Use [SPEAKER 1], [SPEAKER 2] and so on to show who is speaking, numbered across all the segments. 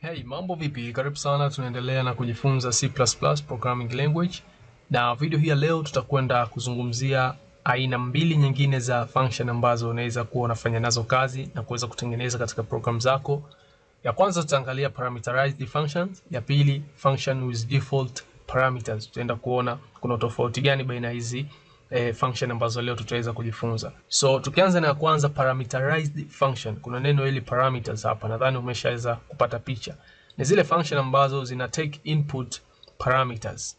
[SPEAKER 1] Hey, mambo vipi? Karibu sana, tunaendelea na kujifunza C++ programming language, na video hii ya leo tutakwenda kuzungumzia aina mbili nyingine za function ambazo unaweza kuwa unafanya nazo kazi na kuweza kutengeneza katika program zako. Ya kwanza tutaangalia parameterized functions, ya pili function with default parameters. Tutaenda kuona kuna utofauti gani baina hizi eh, function ambazo leo tutaweza kujifunza. So tukianza na kwanza parameterized function, kuna neno hili parameters hapa, nadhani umeshaweza kupata picha. Ni zile function ambazo zina take input parameters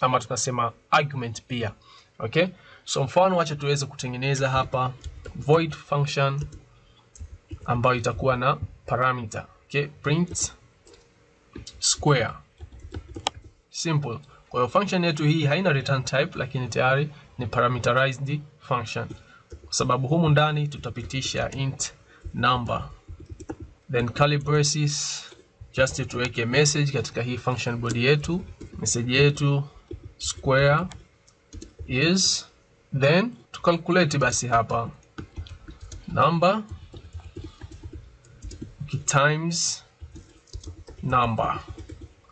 [SPEAKER 1] ama tunasema argument pia. Okay? So mfano wacha tuweze kutengeneza hapa void function ambayo itakuwa na parameter. Okay? Print square. Simple. Kwa hiyo function yetu hii haina return type, lakini tayari ni parameterized function, kwa sababu humu ndani tutapitisha int number, then curly braces just tuweke message katika hii function body yetu. Message yetu square is then tukalkulate basi hapa number times number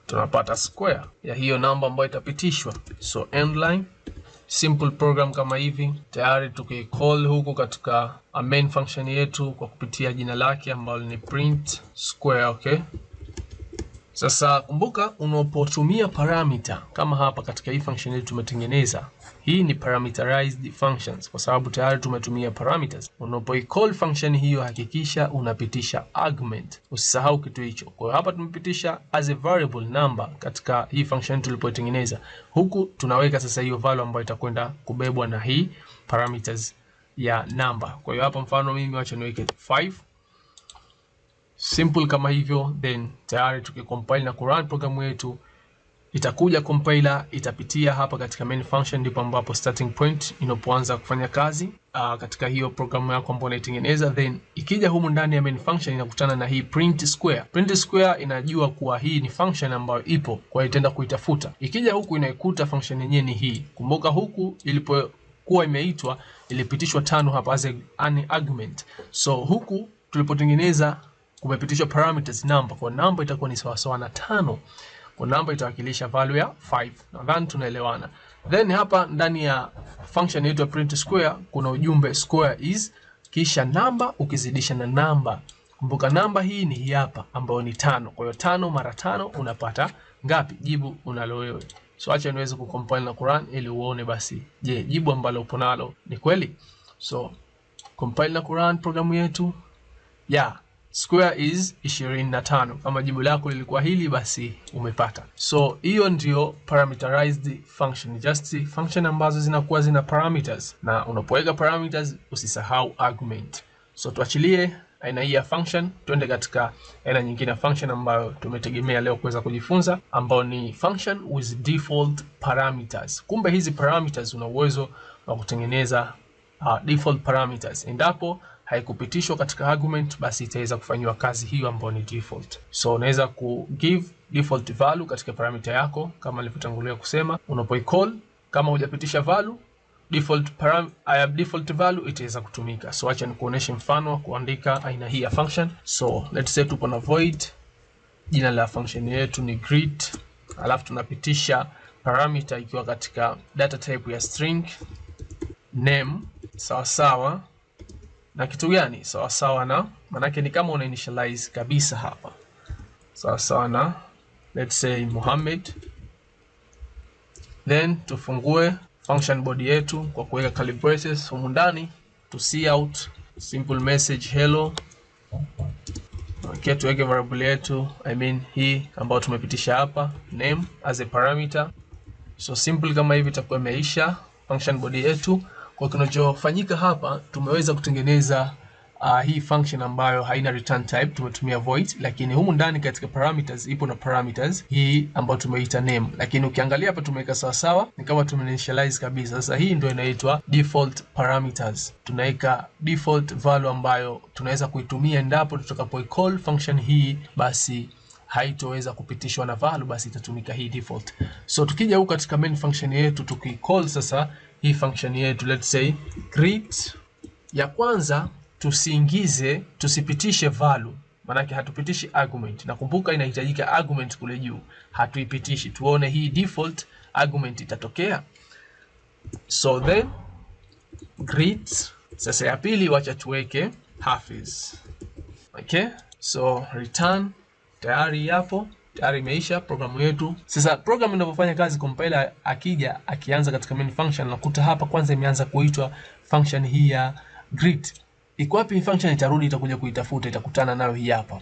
[SPEAKER 1] tunapata square ya hiyo namba ambayo itapitishwa, so endline simple program kama hivi. Tayari tukicall huku katika main function yetu kwa kupitia jina lake ambalo ni print square, okay sasa kumbuka, unapotumia parameter kama hapa katika hii function yetu tumetengeneza, hii ni parameterized functions kwa sababu tayari tumetumia parameters. Unapoicall function hiyo, hakikisha unapitisha argument, usisahau kitu hicho. Kwa hiyo hapa tumepitisha as a variable number katika hii function tulipoitengeneza, huku tunaweka sasa hiyo value ambayo itakwenda kubebwa na hii parameters ya number. Kwa hiyo hapa mfano mimi wacha niweke 5 simple kama hivyo, then tayari tukicompile na kurun programu yetu itakuja compiler itapitia hapa katika main function, ndipo ambapo starting point inapoanza kufanya kazi uh, katika hiyo programu yako ambayo unaitengeneza. Then ikija humu ndani ya main function inakutana na hii print square. Print square inajua kuwa hii ni function ambayo ipo, kwa hiyo itaenda kuitafuta. Ikija huku inaikuta function yenyewe ni hii. Kumbuka huku ilipokuwa imeitwa ilipitishwa tano hapa as an argument, so huku tulipotengeneza kumepitishwa parameters number, kwa number itakuwa ni sawa sawa na tano, kwa number itawakilisha value ya 5. Nadhani tunaelewana. Then hapa ndani ya function inaitwa print square kuna ujumbe square is, kisha namba ukizidisha na namba. Kumbuka namba hii ni hii hapa ambayo ni tano. Kwa hiyo tano mara tano unapata ngapi? Jibu unalo wewe. So acha niweze kucompile na Quran ili uone basi, je, jibu ambalo upo nalo ni kweli? So compile na Quran programu yetu ya yeah square is 25. Kama jibu lako lilikuwa hili, basi umepata. So hiyo ndio parameterized function, just function ambazo zinakuwa zina parameters, na unapoweka parameters usisahau argument. So tuachilie aina hii ya function, tuende katika aina nyingine ya function ambayo tumetegemea leo kuweza kujifunza, ambayo ni function with default parameters. Kumbe hizi parameters una uwezo wa kutengeneza uh, default parameters endapo haikupitishwa katika argument, basi itaweza kufanyiwa kazi hiyo ambayo ni default. So unaweza ku give default value katika parameter yako kama nilivyotangulia kusema, unapoicall kama hujapitisha value default param, I uh, have default value itaweza kutumika. So acha nikuoneshe mfano wa kuandika aina hii ya function. So let's say tupo na void, jina la function yetu ni greet, alafu tunapitisha parameter ikiwa katika data type ya string name sawa sawa na kitu gani? Sawa sawa na, manake ni kama una initialize kabisa hapa, sawa sawa na let's say Muhammad, then tufungue function body yetu kwa kuweka curly braces humu ndani to see out simple message hello. Okay, tuweke variable yetu I mean hii ambayo tumepitisha hapa name as a parameter, so simple kama hivi itakuwa imeisha function body yetu. Kwa kinachofanyika hapa tumeweza kutengeneza uh, hii function ambayo haina return type, tumetumia void, lakini humu ndani katika parameters ipo na parameters hii ambayo tumeita name, lakini ukiangalia hapa tumeweka sawa sawa, ni kama tumeinitialize kabisa. Sasa hii ndio inaitwa default parameters, tunaweka default value ambayo tunaweza kuitumia endapo tutakapo call function hii basi haitoweza kupitishwa na value, basi itatumika hii default. So tukija huko katika main function yetu tukicall sasa hii function yetu, let's say greet. Ya kwanza tusiingize, tusipitishe value, maanake hatupitishi argument. Nakumbuka inahitajika argument kule juu, hatuipitishi. Tuone hii default argument itatokea. So then greet. Sasa ya pili, wacha tuweke Hafiz. Okay, so return tayari yapo tayari imeisha programu yetu. Sasa programu inavyofanya kazi, compiler akija akianza katika main function, nakuta hapa kwanza imeanza kuitwa function hii ya greet. Iko wapi hii function? Itarudi itakuja kuitafuta, itakutana nayo hii hapa.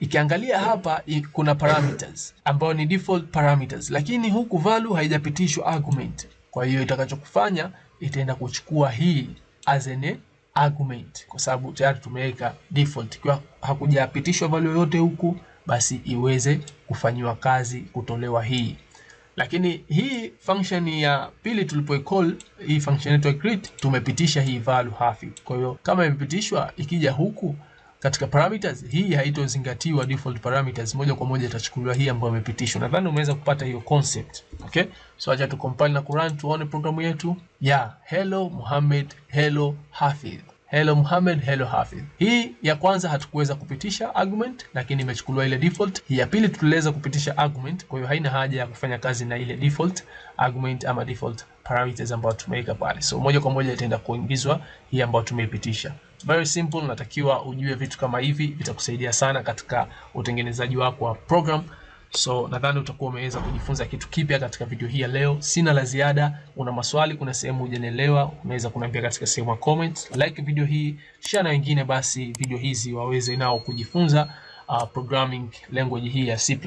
[SPEAKER 1] Ikiangalia hapa kuna parameters ambayo ni default parameters, lakini huku value haijapitishwa argument. Kwa hiyo itakachokufanya itaenda kuchukua hii as an argument, kwa sababu tayari tumeweka default, kwa hakujapitishwa value yoyote huku basi iweze kufanyiwa kazi kutolewa hii. Lakini hii function ya pili call hii function yetu ya create, tumepitisha hii value hafi. Kwa hiyo kama imepitishwa, ikija huku katika parameters hii haitozingatiwa default parameters, moja kwa moja itachukuliwa hii ambayo imepitishwa. Nadhani umeweza kupata hiyo concept. Okay, so acha tu compile na kurun tuone programu yetu ya yeah. Hello Mohamed, hello Hafidh hello Muhammad, hello Hafidh. Hii ya kwanza hatukuweza kupitisha argument, lakini imechukuliwa ile default. Hii ya pili tuliweza kupitisha argument, kwa hiyo haina haja ya kufanya kazi na ile default argument ama default parameters ambayo tumeweka pale. So moja kwa moja itaenda kuingizwa hii ambayo tumeipitisha. Very simple, natakiwa ujue vitu kama hivi, vitakusaidia sana katika utengenezaji wako wa program. So nadhani utakuwa umeweza kujifunza kitu kipya katika video hii ya leo. Sina la ziada. Una maswali, kuna sehemu hujanielewa, unaweza kuniambia katika sehemu ya comment. Like video hii, share na wengine basi video hizi waweze nao kujifunza uh, programming language hii ya C++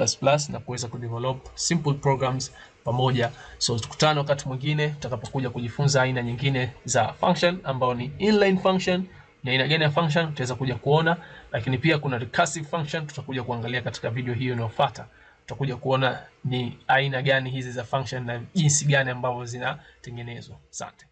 [SPEAKER 1] na kuweza kudevelop simple programs pamoja. So tukutane wakati mwingine tutakapokuja kujifunza aina nyingine za function ambao ni inline function ni aina gani ya function tutaweza kuja kuona, lakini pia kuna recursive function tutakuja kuangalia katika video hiyo inayofuata tutakuja kuona ni aina gani hizi za function na jinsi gani ambavyo zinatengenezwa. Asante.